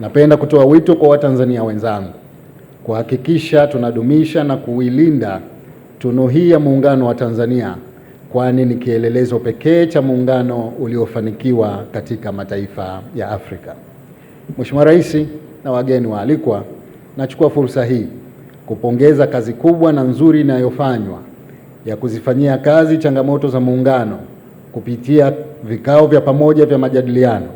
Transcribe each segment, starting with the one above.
Napenda kutoa wito kwa Watanzania wenzangu kuhakikisha tunadumisha na kuilinda tunu hii ya Muungano wa Tanzania, kwani ni kielelezo pekee cha muungano uliofanikiwa katika mataifa ya Afrika. Mheshimiwa Rais na wageni waalikwa, nachukua fursa hii kupongeza kazi kubwa na nzuri inayofanywa ya kuzifanyia kazi changamoto za muungano kupitia vikao vya pamoja vya majadiliano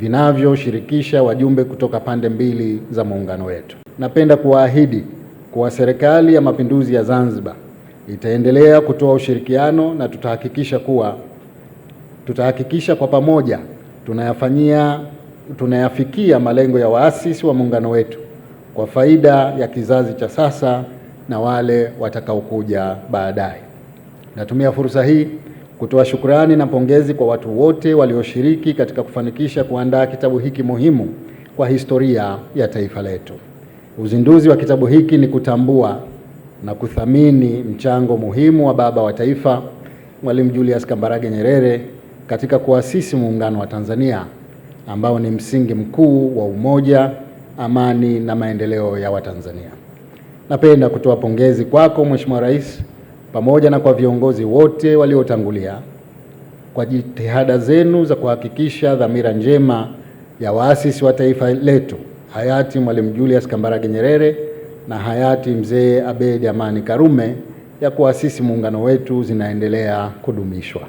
vinavyoshirikisha wajumbe kutoka pande mbili za muungano wetu. Napenda kuwaahidi kuwa Serikali ya Mapinduzi ya Zanzibar itaendelea kutoa ushirikiano na tutahakikisha kuwa tutahakikisha kwa pamoja tunayafanyia tunayafikia malengo ya waasisi wa muungano wetu kwa faida ya kizazi cha sasa na wale watakaokuja baadaye. Natumia fursa hii kutoa shukrani na pongezi kwa watu wote walioshiriki katika kufanikisha kuandaa kitabu hiki muhimu kwa historia ya taifa letu. Uzinduzi wa kitabu hiki ni kutambua na kuthamini mchango muhimu wa baba wa taifa Mwalimu Julius Kambarage Nyerere katika kuasisi muungano wa Tanzania ambao ni msingi mkuu wa umoja, amani na maendeleo ya Watanzania. Napenda kutoa pongezi kwako Mheshimiwa Rais pamoja na kwa viongozi wote waliotangulia kwa jitihada zenu za kuhakikisha dhamira njema ya waasisi wa taifa letu hayati Mwalimu Julius Kambarage Nyerere na hayati Mzee Abeid Amani Karume ya kuasisi muungano wetu zinaendelea kudumishwa.